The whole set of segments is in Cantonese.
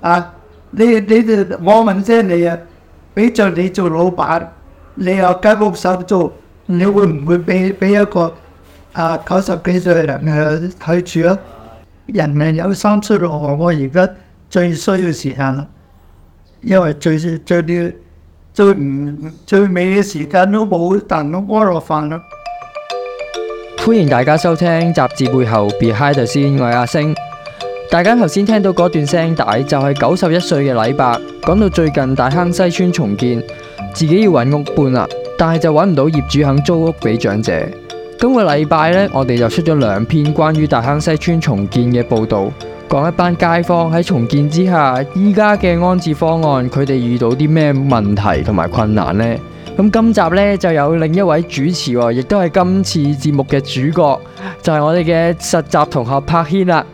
啊！你你我問聲你啊，俾着你做老闆，你又雞公手做，你會唔會俾俾一個啊九十幾歲人去住啊？人命有三出六，我而家最需要時間啦，因為最最啲最唔最尾嘅時間都冇但啖湯落飯啦。歡迎大家收聽集誌背後 Behind the Scenes，我係阿升大家頭先聽到嗰段聲帶就係九十一歲嘅黎伯。講到最近大坑西邨重建，自己要揾屋搬啦，但係就揾唔到業主肯租屋俾長者。今個禮拜呢，我哋就出咗兩篇關於大坑西邨重建嘅報道，講一班街坊喺重建之下，依家嘅安置方案，佢哋遇到啲咩問題同埋困難呢？咁今集呢，就有另一位主持、哦，亦都係今次節目嘅主角，就係、是、我哋嘅實習同學柏軒啦。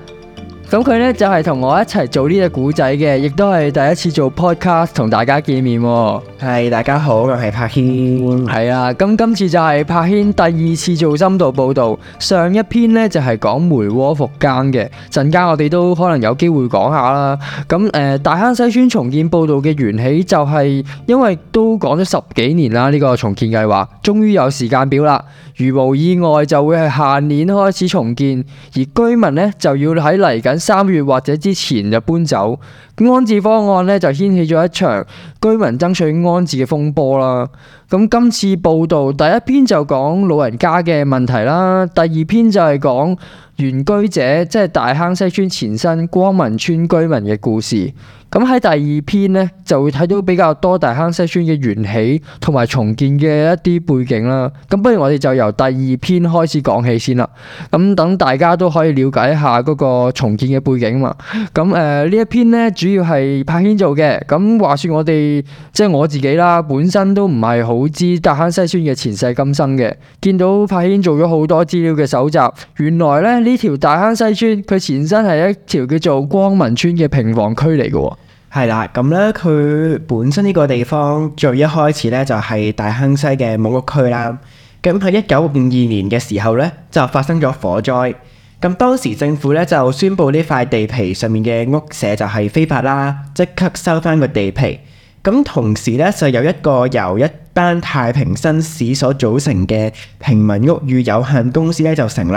咁佢咧就係、是、同我一齊做呢隻古仔嘅，亦都係第一次做 podcast 同大家見面、哦。係、hey, 大家好，我係柏軒。係啦，咁 今樂、啊、次就係柏軒第二次做深度報道。上一篇呢就係講梅窩復耕嘅，陣間我哋都可能有機會講下啦。咁誒、呃，大坑西邨重建報道嘅緣起就係因為都講咗十幾年啦，呢、這個重建計劃終於有時間表啦。如無意外，就會係下年開始重建，而居民呢就要喺嚟緊三月或者之前就搬走，安置方案呢，就掀起咗一場居民爭取安置嘅風波啦。咁今次報道第一篇就講老人家嘅問題啦，第二篇就係講原居者，即係大坑西村前身光民村居民嘅故事。咁喺第二篇呢，就會睇到比較多大坑西邨嘅緣起同埋重建嘅一啲背景啦。咁不如我哋就由第二篇開始講起先啦。咁等大家都可以了解一下嗰個重建嘅背景嘛。咁誒呢一篇呢，主要係柏軒做嘅。咁話説我哋即係我自己啦，本身都唔係好知大坑西邨嘅前世今生嘅。見到柏軒做咗好多資料嘅蒐集，原來咧呢條大坑西邨，佢前身係一條叫做光民村嘅平房區嚟嘅喎。係啦，咁咧佢本身呢個地方最一開始咧就係大坑西嘅木屋區啦。咁喺一九五二年嘅時候咧就發生咗火災。咁當時政府咧就宣布呢塊地皮上面嘅屋舍就係非法啦，即刻收翻個地皮。咁同時咧就有一個由一班太平紳士所組成嘅平民屋宇有限公司咧就成立。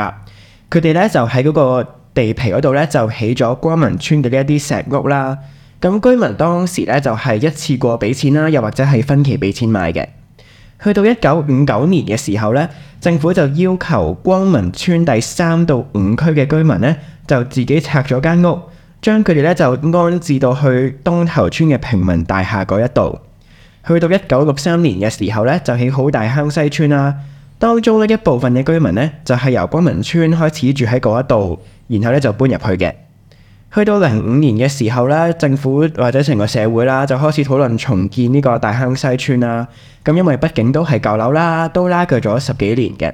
佢哋咧就喺嗰個地皮嗰度咧就起咗光民村嘅一啲石屋啦。咁居民當時咧就係一次過俾錢啦，又或者係分期俾錢買嘅。去到一九五九年嘅時候咧，政府就要求光民村第三到五區嘅居民咧，就自己拆咗間屋，將佢哋咧就安置到去東頭村嘅平民大廈嗰一度。去到一九六三年嘅時候咧，就起好大坑西邨啦。當中呢，一部分嘅居民咧，就係由光民村開始住喺嗰一度，然後咧就搬入去嘅。去到零五年嘅時候咧，政府或者成個社會啦，就開始討論重建呢個大坑西村啦。咁因為畢竟都係舊樓啦，都拉鋸咗十幾年嘅。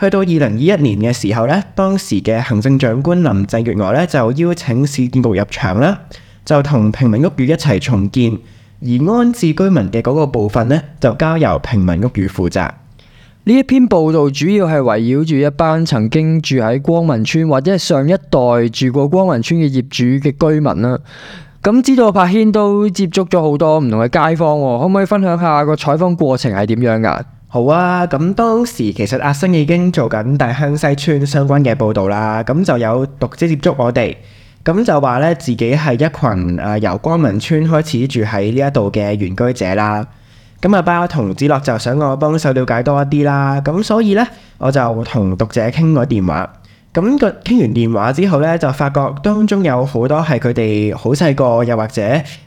去到二零二一年嘅時候咧，當時嘅行政長官林鄭月娥咧就邀請市建局入場啦，就同平民屋宇一齊重建，而安置居民嘅嗰個部分咧，就交由平民屋宇負責。呢一篇報道主要係圍繞住一班曾經住喺光民村或者係上一代住過光民村嘅業主嘅居民啦。咁知道柏軒都接觸咗好多唔同嘅街坊，可唔可以分享下個採訪過程係點樣噶？好啊，咁當時其實阿升已經做緊大坑西邨相關嘅報道啦，咁就有讀者接觸我哋，咁就話咧自己係一群誒由光民村開始住喺呢一度嘅原居者啦。咁阿爸同子樂就想我幫手了解多一啲啦，咁所以呢，我就同讀者傾過電話。咁、嗰個傾完電話之後呢，就發覺當中有好多係佢哋好細個，又或者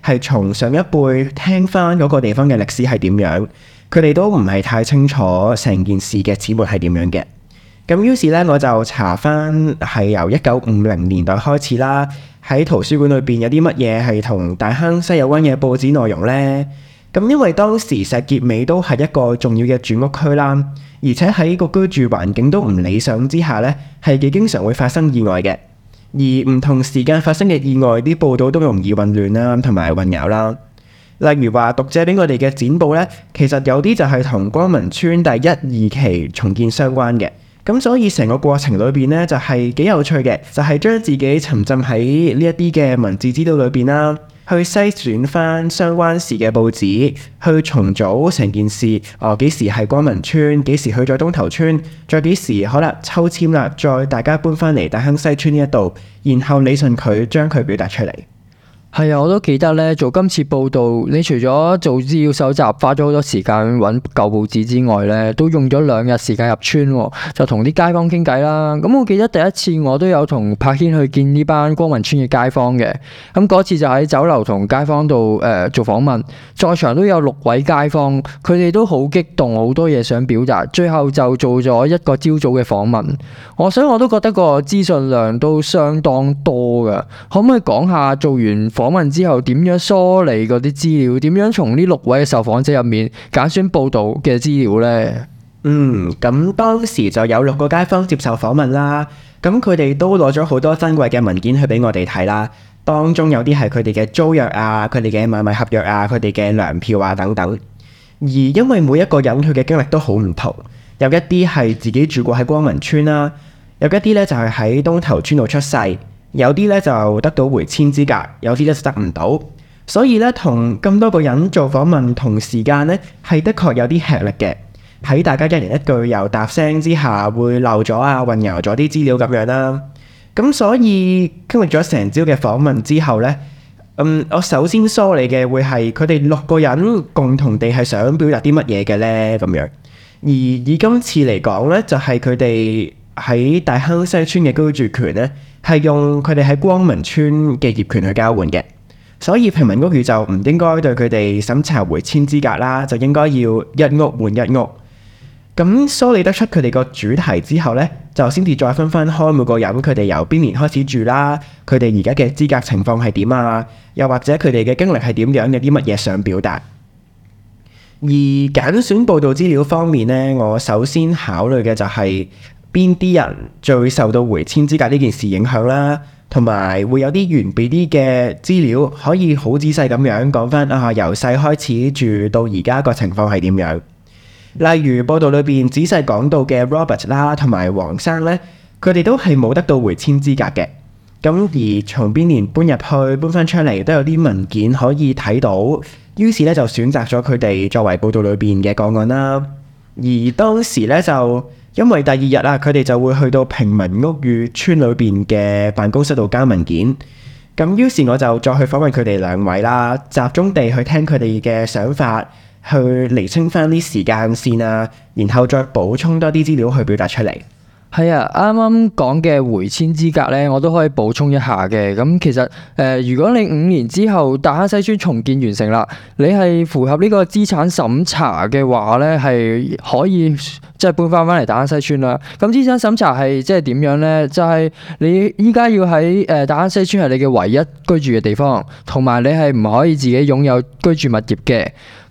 係從上一輩聽翻嗰個地方嘅歷史係點樣，佢哋都唔係太清楚成件事嘅始末係點樣嘅。咁於是呢，我就查翻係由一九五零年代開始啦，喺圖書館裏邊有啲乜嘢係同大坑西有關嘅報紙內容呢。咁因為當時石硖尾都係一個重要嘅住屋區啦，而且喺個居住環境都唔理想之下咧，係幾經常會發生意外嘅。而唔同時間發生嘅意外，啲報道都容易混亂啦，同埋混淆啦。例如話讀者俾我哋嘅剪報咧，其實有啲就係同光民村第一二期重建相關嘅。咁所以成個過程裏邊咧，就係幾有趣嘅，就係將自己沉浸喺呢一啲嘅文字資料裏邊啦。去篩選翻相關事嘅報紙，去重組成件事。哦、呃，幾時係光民村？幾時去咗東頭村？再幾時？好啦，抽籤啦，再大家搬翻嚟大坑西邨呢一度，然後理順佢，將佢表達出嚟。係啊、嗯，我都記得呢。做今次報道，你除咗做資料搜集，花咗好多時間揾舊報紙之外呢，都用咗兩日時間入村、哦，就同啲街坊傾偈啦。咁、嗯、我記得第一次我都有同柏軒去見呢班光民村嘅街坊嘅，咁、嗯、嗰次就喺酒樓同街坊度誒、呃、做訪問，在場都有六位街坊，佢哋都好激動，好多嘢想表達，最後就做咗一個朝早嘅訪問。我想我都覺得個資訊量都相當多噶，可唔可以講下做完訪？訪問之後點樣梳理嗰啲資料？點樣從呢六位受訪者入面揀選報道嘅資料呢？嗯，咁當時就有六個街坊接受訪問啦。咁佢哋都攞咗好多珍貴嘅文件去俾我哋睇啦。當中有啲係佢哋嘅租約啊，佢哋嘅買賣合約啊，佢哋嘅糧票啊等等。而因為每一個人佢嘅經歷都好唔同，有一啲係自己住過喺光民村啦，有一啲咧就係喺東頭村度出世。有啲咧就得到回遷資格，有啲咧就得唔到，所以咧同咁多個人做訪問同時間咧，係的確有啲吃力嘅。喺大家一人一句又答聲之下，會漏咗啊，混淆咗啲資料咁樣啦。咁所以經歷咗成朝嘅訪問之後咧，嗯，我首先梳理嘅會係佢哋六個人共同地係想表達啲乜嘢嘅咧咁樣。而以今次嚟講咧，就係佢哋喺大坑西邨嘅居住權咧。係用佢哋喺光民村嘅業權去交換嘅，所以平民屋宇就唔應該對佢哋審查回遷資格啦，就應該要一屋換一屋。咁梳理得出佢哋個主題之後呢，就先至再分分開每個人佢哋由邊年開始住啦，佢哋而家嘅資格情況係點啊？又或者佢哋嘅經歷係點樣、啊？有啲乜嘢想表達？而揀選報道資料方面呢，我首先考慮嘅就係、是。邊啲人最受到回遷資格呢件事影響啦，同埋會有啲完備啲嘅資料，可以好仔細咁樣講翻吓，由、啊、細開始住到而家個情況係點樣？例如報道裏邊仔細講到嘅 Robert 啦，同埋黃生呢，佢哋都係冇得到回遷資格嘅。咁而從邊年搬入去，搬翻出嚟都有啲文件可以睇到，於是咧就選擇咗佢哋作為報道裏邊嘅個案啦。而當時咧就。因為第二日啊，佢哋就會去到平民屋宇村裏邊嘅辦公室度交文件。咁於是我就再去訪問佢哋兩位啦，集中地去聽佢哋嘅想法，去釐清翻啲時間線啊，然後再補充多啲資料去表達出嚟。係啊，啱啱講嘅回遷資格呢，我都可以補充一下嘅。咁其實誒、呃，如果你五年之後大坑西村重建完成啦，你係符合呢個資產審查嘅話呢，係可以即係搬翻翻嚟大坑西村啦。咁資產審查係即係點樣呢？就係、是、你依家要喺誒大坑西村係你嘅唯一居住嘅地方，同埋你係唔可以自己擁有居住物業嘅。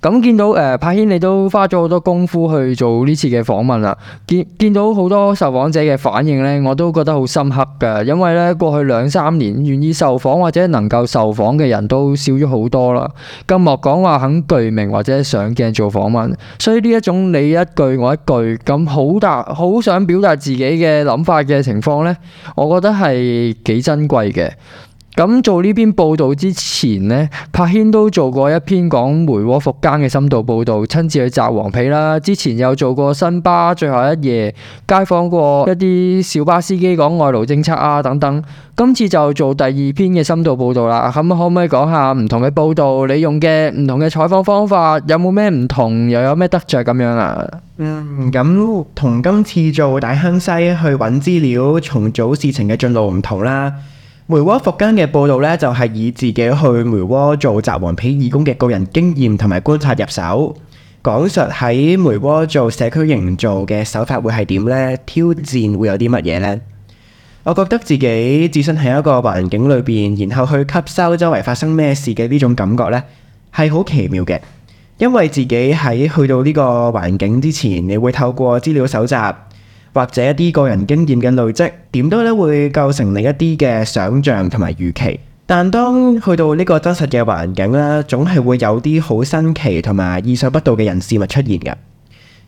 咁、嗯、見到誒、呃、柏軒，你都花咗好多功夫去做呢次嘅訪問啦。見見到好多受訪者嘅反應呢，我都覺得好深刻嘅，因為呢，過去兩三年願意受訪或者能夠受訪嘅人都少咗好多啦。更莫講話肯具名或者上鏡做訪問，所以呢一種你一句我一句咁好大好想表達自己嘅諗法嘅情況呢，我覺得係幾珍貴嘅。咁做呢篇報導之前呢，柏軒都做過一篇講梅窩復耕嘅深度報導，親自去摘黃皮啦。之前有做過新巴最後一夜，街訪過一啲小巴司機講外勞政策啊等等。今次就做第二篇嘅深度報導啦。咁可唔可以講下唔同嘅報導，你用嘅唔同嘅採訪方法，有冇咩唔同，又有咩得着咁樣啊？嗯，咁同今次做大坑西去揾資料重組事情嘅進路唔同啦。梅窩復耕嘅報道咧，就係、是、以自己去梅窩做執黃皮義工嘅個人經驗同埋觀察入手，講述喺梅窩做社區營造嘅手法會係點呢？挑戰會有啲乜嘢呢？我覺得自己置身喺一個環境裏邊，然後去吸收周圍發生咩事嘅呢種感覺呢，係好奇妙嘅，因為自己喺去到呢個環境之前，你會透過資料搜集，或者一啲個人經驗嘅累積，點都咧會構成另一啲嘅想像同埋預期。但當去到呢個真實嘅環境咧，總係會有啲好新奇同埋意想不到嘅人事物出現嘅。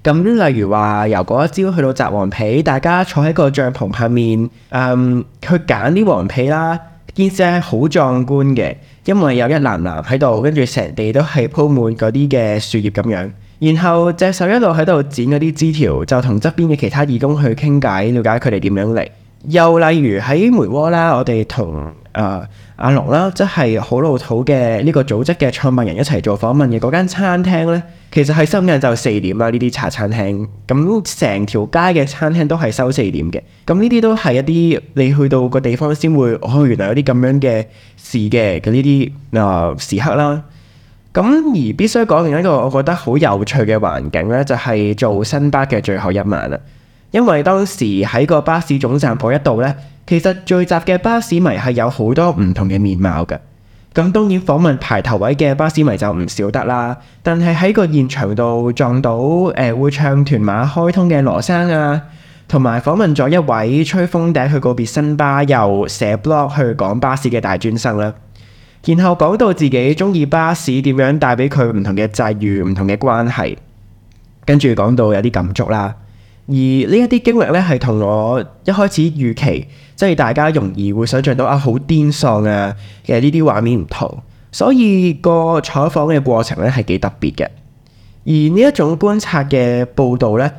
咁例如話，由嗰一朝去到摘黃皮，大家坐喺個帳篷下面，誒、嗯、去揀啲黃皮啦，件事係好壯觀嘅，因為有一籃籃喺度，跟住成地都係鋪滿嗰啲嘅樹葉咁樣。然後隻手一路喺度剪嗰啲枝條，就同側邊嘅其他義工去傾偈，了解佢哋點樣嚟。又例如喺梅窩啦，我哋同啊阿龍啦，即係好老土嘅呢個組織嘅創辦人一齊做訪問嘅嗰間餐廳呢，其實係收緊就四點啊，呢啲茶餐廳。咁成條街嘅餐廳都係收四點嘅。咁呢啲都係一啲你去到個地方先會，哦原來有啲咁樣嘅事嘅嘅呢啲啊時刻啦。咁而必須講另一個我覺得好有趣嘅環境咧，就係、是、做新巴嘅最後一晚啦。因為當時喺個巴士總站嗰一度咧，其實聚集嘅巴士迷係有好多唔同嘅面貌嘅。咁當然訪問排頭位嘅巴士迷就唔少得啦。但係喺個現場度撞到誒、呃、會唱團馬開通嘅羅生啊，同埋訪問咗一位吹風笛去告別新巴，又寫 blog 去講巴士嘅大專生啦。然後講到自己中意巴士點樣帶俾佢唔同嘅際遇、唔同嘅關係，跟住講到有啲感觸啦。而呢一啲經歷呢，係同我一開始預期，即係大家容易會想象到啊，好癲喪啊嘅呢啲畫面唔同。所以個採訪嘅過程呢係幾特別嘅。而呢一種觀察嘅報道呢，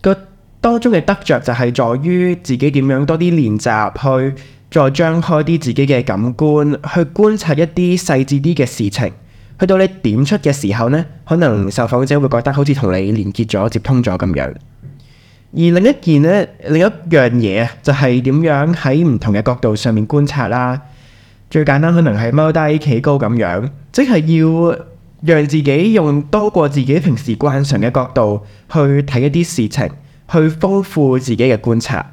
個當中嘅得着就係在於自己點樣多啲練習去再張開啲自己嘅感官去觀察一啲細緻啲嘅事情，去到你點出嘅時候呢，可能受訪者會覺得好似同你連結咗、接通咗咁樣。而另一件呢，另一樣嘢就係點樣喺唔同嘅角度上面觀察啦。最簡單可能係踎低、企高咁樣，即係要讓自己用多過自己平時慣常嘅角度去睇一啲事情，去豐富自己嘅觀察。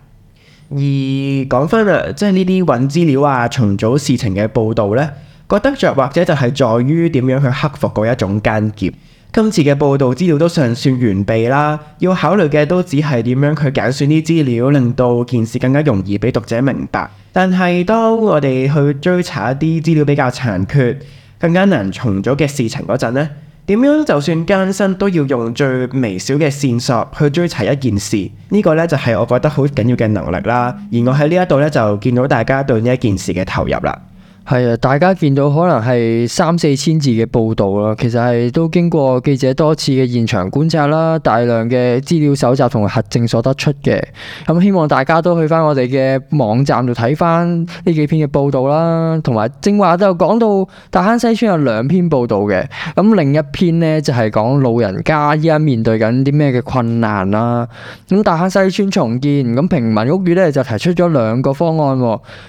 而講返嚟，即係呢啲揾資料啊、重組事情嘅報導呢，覺得着或者就係在於點樣去克服嗰一種間接。今次嘅報導資料都尚算完備啦，要考慮嘅都只係點樣去揀選啲資料，令到件事更加容易俾讀者明白。但係當我哋去追查一啲資料比較殘缺、更加難重組嘅事情嗰陣呢。點樣就算艱辛都要用最微小嘅線索去追查一件事？呢個咧就係我覺得好緊要嘅能力啦。而我喺呢一度咧就見到大家對呢件事嘅投入啦。係啊，大家見到可能係三四千字嘅報道啦，其實係都經過記者多次嘅現場觀察啦，大量嘅資料搜集同核證所得出嘅。咁希望大家都去翻我哋嘅網站度睇翻呢幾篇嘅報道啦，同埋正話就講到大坑西邨有兩篇報道嘅，咁另一篇呢，就係講老人家依家面對緊啲咩嘅困難啦。咁大坑西邨重建，咁平民屋宇呢，就提出咗兩個方案。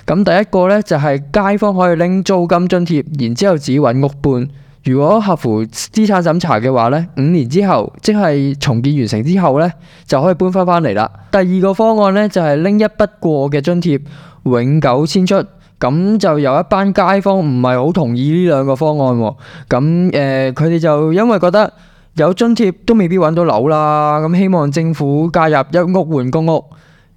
咁第一個呢，就係街坊可以。去拎租金津貼，然之後自己搵屋搬。如果合乎資產審查嘅話呢，五年之後，即係重建完成之後呢，就可以搬翻翻嚟啦。第二個方案呢，就係拎一筆過嘅津貼，永久遷出。咁就有一班街坊唔係好同意呢兩個方案。咁誒，佢哋就因為覺得有津貼都未必搵到樓啦，咁希望政府介入一屋換公屋。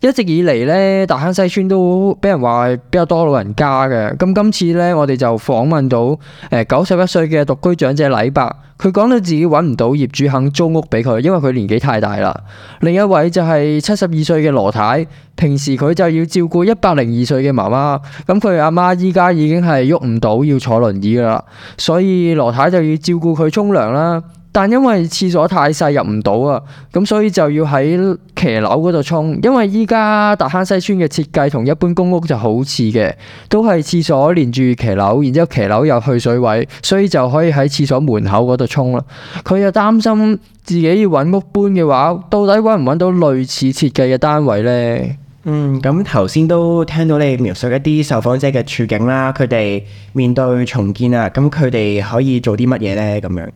一直以嚟咧，大坑西村都俾人話比較多老人家嘅。咁今次咧，我哋就訪問到誒九十一歲嘅獨居長者黎伯，佢講到自己揾唔到業主肯租屋俾佢，因為佢年紀太大啦。另一位就係七十二歲嘅羅太，平時佢就要照顧一百零二歲嘅媽媽。咁佢阿媽依家已經係喐唔到，要坐輪椅噶啦，所以羅太就要照顧佢沖涼啦。但因為廁所太細入唔到啊，咁所以就要喺騎樓嗰度沖。因為依家大坑西邨嘅設計同一般公屋就好似嘅，都係廁所連住騎樓，然之後騎樓又去水位，所以就可以喺廁所門口嗰度沖啦。佢又擔心自己要揾屋搬嘅話，到底揾唔揾到類似設計嘅單位呢？嗯，咁頭先都聽到你描述一啲受訪者嘅處境啦，佢哋面對重建啊，咁佢哋可以做啲乜嘢呢？咁樣？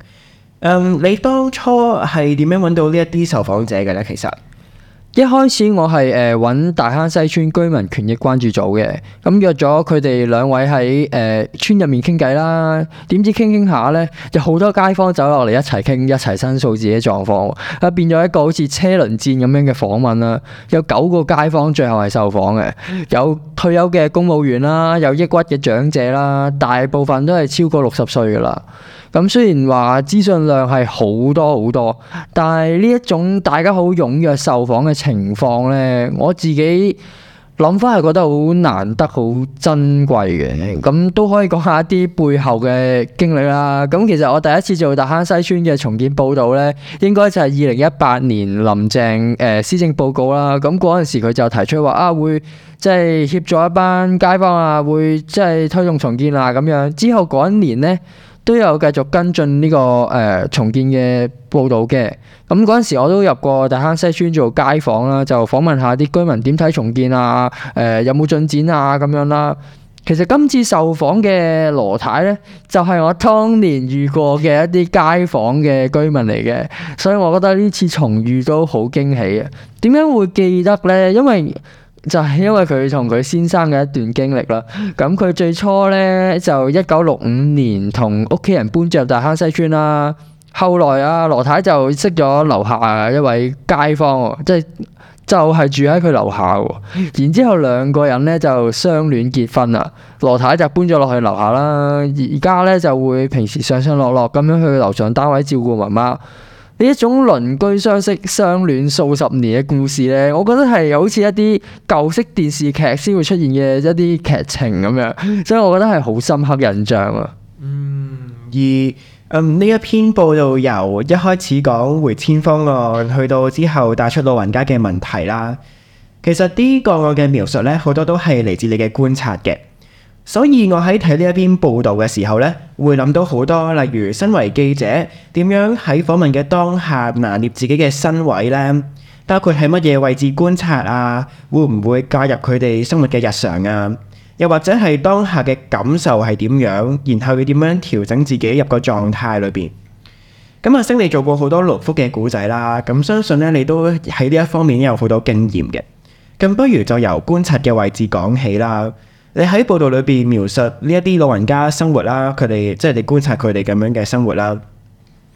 Um, 你當初係點樣揾到呢一啲受訪者嘅呢？其實一開始我係誒揾大坑西邨居民權益關注組嘅，咁、嗯、約咗佢哋兩位喺誒、呃、村入面傾偈啦。點知傾傾下呢，就好多街坊走落嚟一齊傾，一齊申訴自己狀況，啊變咗一個好似車輪戰咁樣嘅訪問啦。有九個街坊最後係受訪嘅，有退休嘅公務員啦，有抑鬱嘅長者啦，大部分都係超過六十歲噶啦。咁雖然話資訊量係好多好多，但係呢一種大家好踴躍受訪嘅情況呢，我自己諗翻係覺得好難得好珍貴嘅。咁都可以講下一啲背後嘅經歷啦。咁其實我第一次做大坑西邨嘅重建報導呢，應該就係二零一八年林鄭誒施政報告啦。咁嗰陣時佢就提出話啊，會即係協助一班街坊啊，會即係推動重建啊咁樣。之後嗰一年呢，都有繼續跟進呢、這個誒、呃、重建嘅報導嘅，咁嗰陣時我都入過大坑西邨做街訪啦、啊，就訪問下啲居民點睇重建啊，誒、呃、有冇進展啊咁樣啦、啊。其實今次受訪嘅羅太呢，就係、是、我當年遇過嘅一啲街訪嘅居民嚟嘅，所以我覺得呢次重遇都好驚喜啊！點樣會記得呢？因為就係因為佢同佢先生嘅一段經歷啦，咁佢最初呢，就一九六五年同屋企人搬咗入大坑西村啦，後來啊羅太就識咗樓下嘅一位街坊，即係就係住喺佢樓下，然之後兩個人呢，就相戀結婚啦，羅太就搬咗落去樓下啦，而家呢，就會平時上上落落咁樣去樓上單位照顧媽媽。呢一種鄰居相識相戀數十年嘅故事呢，我覺得係好似一啲舊式電視劇先會出現嘅一啲劇情咁樣，所以我覺得係好深刻印象啊、嗯。嗯，而呢一篇報導由一開始講回遷方案，去到之後帶出老人家嘅問題啦，其實呢個我嘅描述呢，好多都係嚟自你嘅觀察嘅。所以我喺睇呢一篇報道嘅時候咧，會諗到好多，例如身為記者點樣喺訪問嘅當下拿捏自己嘅身位咧，包括喺乜嘢位置觀察啊，會唔會介入佢哋生活嘅日常啊，又或者係當下嘅感受係點樣，然後要點樣調整自己入個狀態裏面。咁阿升，你做過好多六福嘅古仔啦，咁相信咧你都喺呢一方面有好多經驗嘅，咁不如就由觀察嘅位置講起啦。你喺報道裏邊描述呢一啲老人家生活啦，佢哋即係你觀察佢哋咁樣嘅生活啦。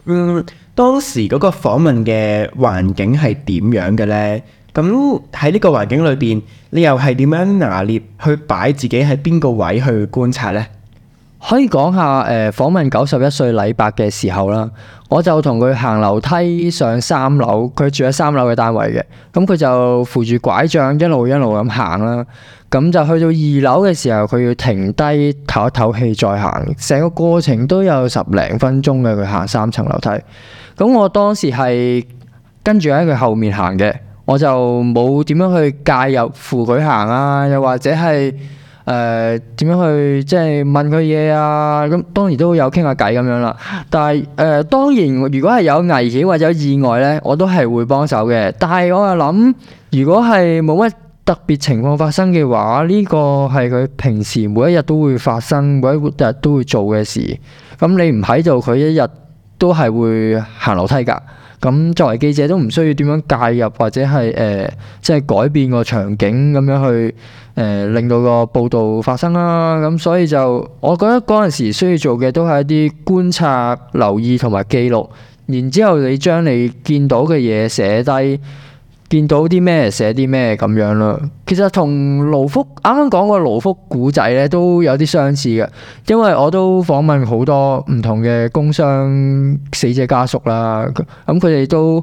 嗯，當時嗰個訪問嘅環境係點樣嘅咧？咁喺呢個環境裏邊，你又係點樣拿捏去擺自己喺邊個位去觀察咧？可以講下誒，呃、訪問九十一歲黎伯嘅時候啦，我就同佢行樓梯上三樓，佢住喺三樓嘅單位嘅，咁佢就扶住拐杖，一路一路咁行啦，咁就去到二樓嘅時候，佢要停低唞一唞氣再行，成個過程都有十零分鐘嘅，佢行三層樓梯，咁我當時係跟住喺佢後面行嘅，我就冇點樣去介入扶佢行啊，又或者係。誒點樣去即係問佢嘢啊？咁當然都有傾下偈咁樣啦。但係誒、呃、當然，如果係有危險或者有意外呢，我都係會幫手嘅。但係我又諗，如果係冇乜特別情況發生嘅話，呢個係佢平時每一日都會發生，每一日都會做嘅事。咁你唔喺度，佢一日都係會行樓梯㗎。咁作為記者都唔需要點樣介入或者係誒、呃、即係改變個場景咁樣去。誒令到個報道發生啦、啊，咁所以就我覺得嗰陣時需要做嘅都係一啲觀察、留意同埋記錄，然之後你將你見到嘅嘢寫低，見到啲咩寫啲咩咁樣啦。其實同盧福啱啱講個盧福古仔呢都有啲相似嘅，因為我都訪問好多唔同嘅工傷死者家屬啦，咁佢哋都。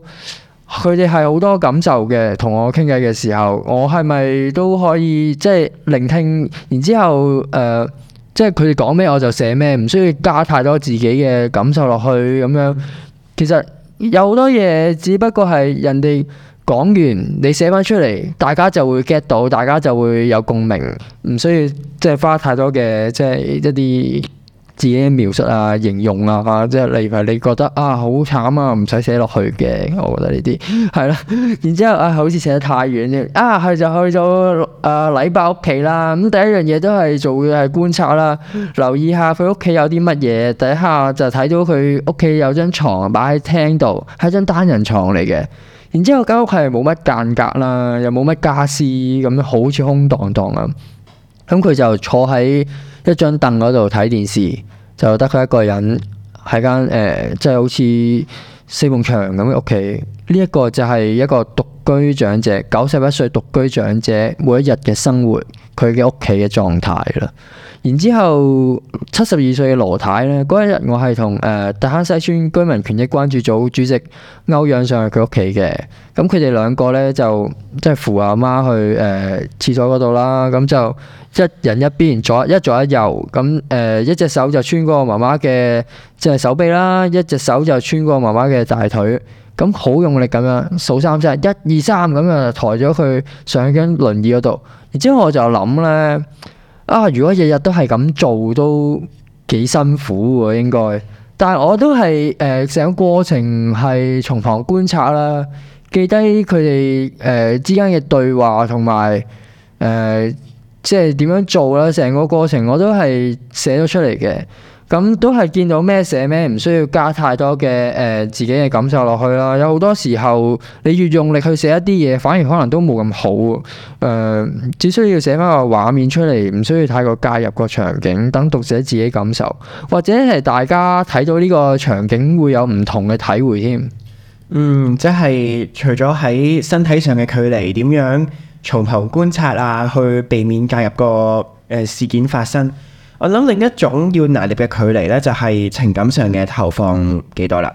佢哋係好多感受嘅，同我傾偈嘅時候，我係咪都可以即係聆聽？然之後誒、呃，即係佢哋講咩我就寫咩，唔需要加太多自己嘅感受落去咁樣。其實有好多嘢，只不過係人哋講完，你寫翻出嚟，大家就會 get 到，大家就會有共鳴，唔需要即係花太多嘅即係一啲。自己嘅描述啊、形容啊，即係例如係你覺得啊好慘啊，唔使寫落去嘅。我覺得呢啲係啦。然之後啊，好似寫得太遠添啊，佢就去咗啊禮拜屋企啦。咁第一樣嘢都係做嘅係觀察啦，留意下佢屋企有啲乜嘢。第一下就睇到佢屋企有張床擺喺廳度，係一張單人床嚟嘅。然之後間屋係冇乜間隔啦，又冇乜家私咁樣，好似空蕩蕩咁。咁佢就坐喺一張凳嗰度睇電視，就得佢一個人喺間誒，即係好似四面牆咁嘅屋企。呢一個就係一個獨居長者，九十一歲獨居長者，每一日嘅生活，佢嘅屋企嘅狀態啦。然之後七十二歲嘅羅太呢，嗰一日我係同誒大坑西邨居民權益關注組主席歐陽上去佢屋企嘅。咁佢哋兩個呢，就即係、就是、扶阿媽去誒廁、呃、所嗰度啦。咁就一人一邊左一左一右，咁誒、呃、一隻手就穿過媽媽嘅即係手臂啦，一隻手就穿過媽媽嘅大腿。咁好用力咁樣數三聲，一二三咁樣抬咗佢上緊輪椅嗰度。然之後我就諗咧，啊如果日日都係咁做都幾辛苦喎，應該。但係我都係誒成個過程係從旁觀察啦，記低佢哋誒之間嘅對話同埋誒即係點樣做啦。成個過程我都係寫咗出嚟嘅。咁都係見到咩寫咩，唔需要加太多嘅誒、呃、自己嘅感受落去啦。有好多時候，你越用力去寫一啲嘢，反而可能都冇咁好。誒、呃，只需要寫返個畫面出嚟，唔需要太過介入個場景，等讀者自己感受，或者係大家睇到呢個場景會有唔同嘅體會添。嗯，即係除咗喺身體上嘅距離，點樣從頭觀察啊，去避免介入個誒、呃、事件發生。我諗另一種要拿捏嘅距離呢，就係情感上嘅投放幾多啦。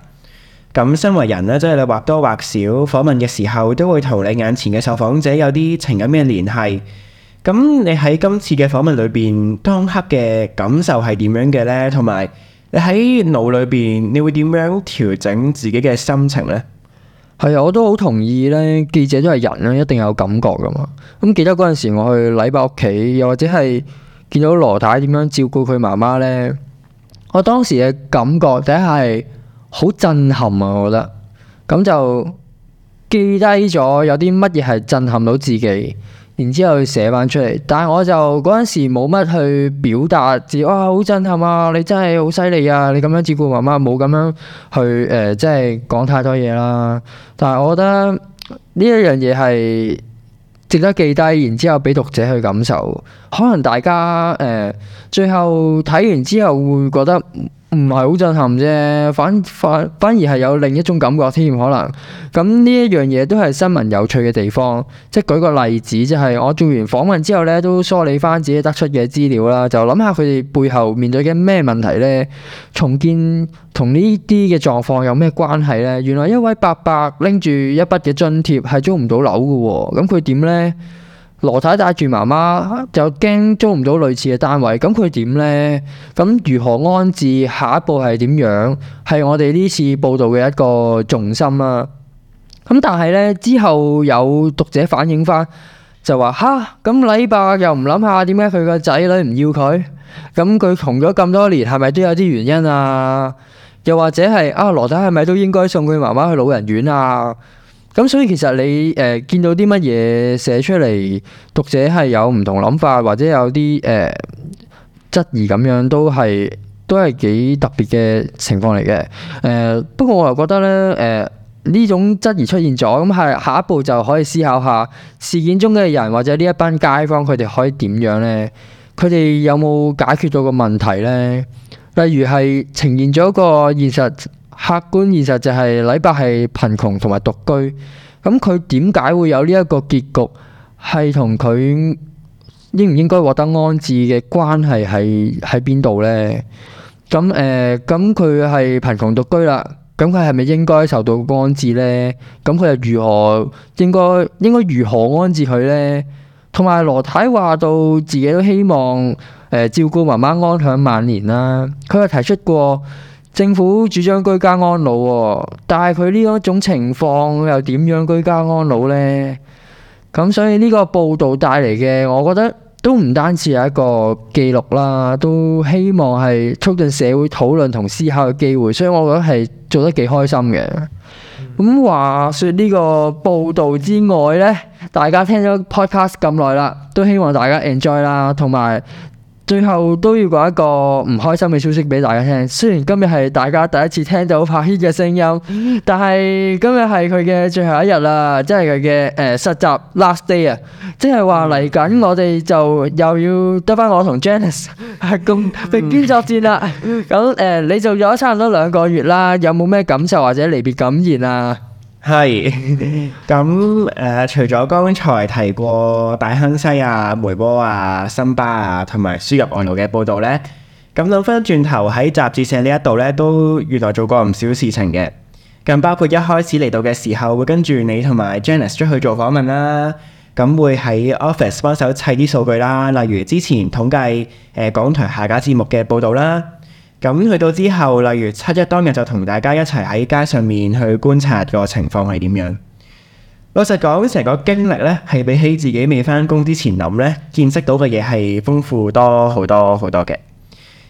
咁身為人呢，即係你或多或少訪問嘅時候，都會同你眼前嘅受訪者有啲情感嘅聯繫。咁你喺今次嘅訪問裏邊，當刻嘅感受係點樣嘅呢？同埋你喺腦裏邊，你會點樣調整自己嘅心情呢？係啊，我都好同意呢。記者都係人啦，一定有感覺噶嘛。咁記得嗰陣時我去禮拜屋企，又或者係。見到羅太點樣照顧佢媽媽呢？我當時嘅感覺第一係好震撼啊！我覺得咁就記低咗有啲乜嘢係震撼到自己，然之後去寫翻出嚟。但係我就嗰陣時冇乜去表達字，哇！好震撼啊！你真係好犀利啊！你咁樣照顧媽媽，冇咁樣去誒，即係講太多嘢啦。但係我覺得呢一樣嘢係。值得記低，然之後俾讀者去感受。可能大家誒、呃，最後睇完之後會覺得。唔係好震撼啫，反反反而係有另一種感覺添，可能咁呢，一樣嘢都係新聞有趣嘅地方。即係舉個例子，即係我做完訪問之後呢，都梳理翻自己得出嘅資料啦，就諗下佢哋背後面對嘅咩問題呢？重建同呢啲嘅狀況有咩關係呢？原來一位伯伯拎住一筆嘅津貼係租唔到樓嘅喎，咁佢點呢？羅太帶住媽媽就驚租唔到類似嘅單位，咁佢點呢？咁如何安置？下一步係點樣？係我哋呢次報道嘅一個重心啊。咁但係呢，之後有讀者反映翻就話：吓咁禮拜又唔諗下，點解佢個仔女唔要佢？咁佢窮咗咁多年，係咪都有啲原因啊？又或者係啊羅太係咪都應該送佢媽媽去老人院啊？咁所以其實你誒見到啲乜嘢寫出嚟，讀者係有唔同諗法，或者有啲誒、呃、質疑咁樣，都係都係幾特別嘅情況嚟嘅。誒、呃、不過我又覺得咧，誒、呃、呢種質疑出現咗，咁係下一步就可以思考下事件中嘅人或者呢一班街坊佢哋可以點樣咧？佢哋有冇解決到個問題咧？例如係呈現咗個現實。客觀現實就係黎伯係貧窮同埋獨居，咁佢點解會有呢一個結局？係同佢應唔應該獲得安置嘅關係係喺邊度呢？咁誒，咁佢係貧窮獨居啦，咁佢係咪應該受到安置呢？咁佢又如何應該應該如何安置佢呢？同埋羅太話到自己都希望、呃、照顧媽媽安享晚年啦，佢又提出過。政府主張居家安老，但係佢呢一種情況又點樣居家安老呢？咁所以呢個報道帶嚟嘅，我覺得都唔單止係一個記錄啦，都希望係促進社會討論同思考嘅機會。所以我覺得係做得幾開心嘅。咁話說呢個報道之外呢，大家聽咗 podcast 咁耐啦，都希望大家 enjoy 啦，同埋。最後都要講一個唔開心嘅消息俾大家聽。雖然今日係大家第一次聽到柏軒嘅聲音，但係今日係佢嘅最後一日啦，即係佢嘅誒實習 last day 啊！即係話嚟緊我哋就又要得翻我同 Janice 阿工並肩作戰啦。咁誒、 呃，你做咗差唔多兩個月啦，有冇咩感受或者離別感言啊？係，咁誒、 嗯、除咗剛才提過大坑西啊、梅波啊、新巴啊，同埋輸入外勞嘅報導呢，咁諗翻轉頭喺集誌社呢一度呢，都原來做過唔少事情嘅，咁包括一開始嚟到嘅時候會跟住你同埋 Janice 出去做訪問啦，咁會喺 office 幫手砌啲數據啦，例如之前統計誒、呃、港台下架節目嘅報導啦。咁去到之後，例如七一當日就同大家一齊喺街上面去觀察個情況係點樣。老實講，成個經歷呢，係比起自己未翻工之前諗呢，見識到嘅嘢係豐富多好多好多嘅。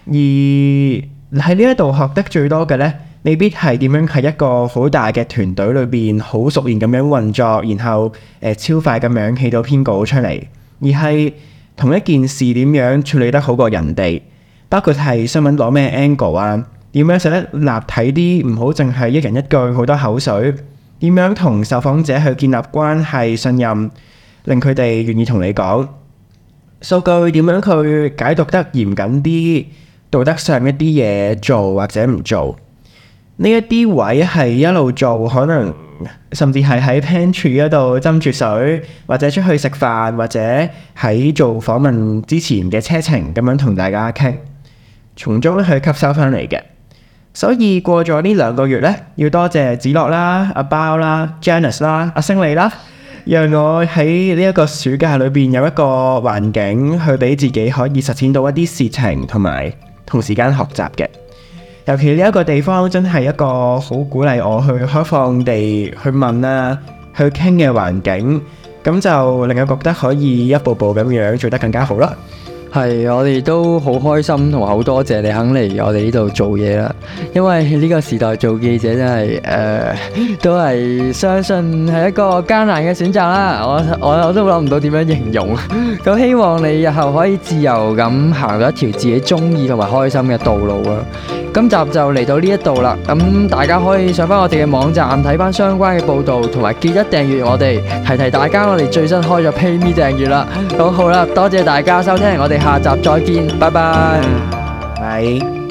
而喺呢一度學得最多嘅呢，未必係點樣喺一個好大嘅團隊裏邊好熟練咁樣運作，然後誒、呃、超快咁樣起到篇稿出嚟，而係同一件事點樣處理得好過人哋。包括係新聞攞咩 angle 啊？點樣使得立體啲？唔好淨係一人一句好多口水。點樣同受訪者去建立關係信任，令佢哋願意同你講？數據點樣去解讀得嚴謹啲？道德上一啲嘢做或者唔做？呢一啲位係一路做，可能甚至係喺 pantry 嗰度斟住水，或者出去食飯，或者喺做訪問之前嘅車程咁樣同大家傾。從中去吸收翻嚟嘅，所以過咗呢兩個月呢，要多謝子樂啦、阿包啦、Janice 啦、阿星禮啦，讓我喺呢一個暑假裏邊有一個環境，去俾自己可以實踐到一啲事情，同埋同時間學習嘅。尤其呢一個地方真係一個好鼓勵我，去開放地去問啦，去傾嘅環境，咁就令我覺得可以一步步咁樣做得更加好啦。係，我哋都好開心同埋好多謝你肯嚟我哋呢度做嘢啦。因為呢個時代做記者真係誒，都係相信係一個艱難嘅選擇啦。我我我都諗唔到點樣形容。咁希望你日後可以自由咁行到一條自己中意同埋開心嘅道路啊。今集就嚟到呢一度啦。咁大家可以上翻我哋嘅網站睇翻相關嘅報道，同埋記得訂閱我哋，提提大家我哋最新開咗 PayMe 訂閱啦。咁好啦，多謝大家收聽我哋。下集再見，拜拜，拜。